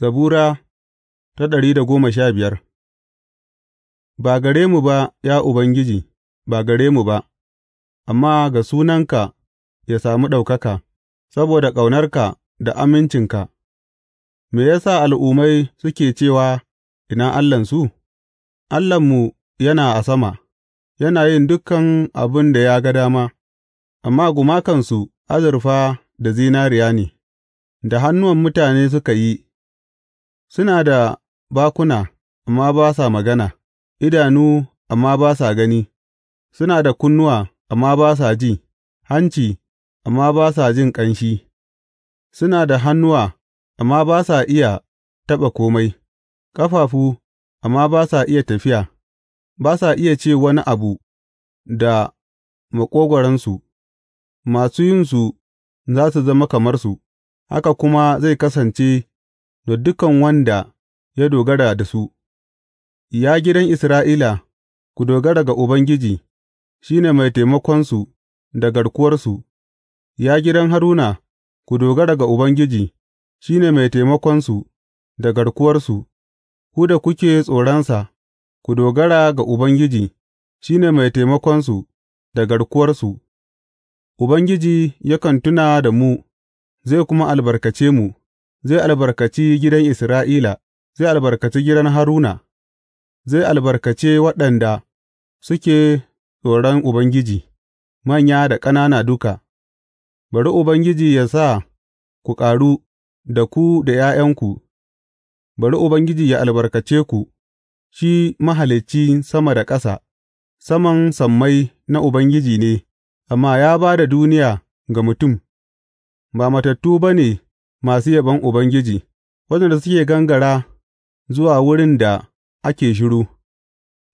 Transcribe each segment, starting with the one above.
Zabura ta ɗari da goma sha biyar Ba gare mu ba, ya Ubangiji, ba gare mu ba, amma ga sunanka ya sami ɗaukaka, saboda ƙaunarka da amincinka, me ya sa al'ummai suke cewa, Ina Allahnsu? Allahnmu yana a sama, yana yin dukan abin da ya ga dama, amma gumakansu azurfa da zinariya ne, da hannuwan mutane suka yi. Suna da bakuna, amma ba sa magana, idanu, amma ba sa gani, suna da kunnuwa, amma ba sa ji, hanci, amma ba sa jin ƙanshi, suna da hannuwa, amma ba sa iya taɓa komai. ƙafafu, amma ba sa iya tafiya, ba sa iya ce wani abu da maƙogoransu, masu yinsu za su zama kamar su, haka kuma zai kasance. da dukan wanda ya dogara da su, Ya gidan Isra'ila, ku dogara ga Ubangiji, shi ne mai taimakonsu da garkuwarsu, Ya gidan Haruna, ku dogara ga Ubangiji, shi ne mai taimakonsu da garkuwarsu, ku da kuke tsoronsa, ku dogara ga Ubangiji, shi ne mai taimakonsu da garkuwarsu, Ubangiji yakan tuna da mu, zai kuma albarkace mu. zai albarkaci gidan Isra'ila, zai albarkaci gidan Haruna, zai albarkace waɗanda suke tsoron Ubangiji, manya da ƙanana duka, bari Ubangiji ya sa ku ƙaru da ku da ’ya'yanku, bari Ubangiji ya albarkace ku, shi mahalicci sama da ƙasa, saman sammai na Ubangiji ne, amma ya ba da duniya ga mutum, ba matattu ba ne masu yabon Ubangiji, waɗanda suke gangara zuwa wurin da ake shiru,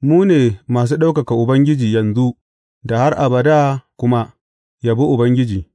mu ne masu ɗaukaka Ubangiji yanzu da har abada kuma, yabi Ubangiji.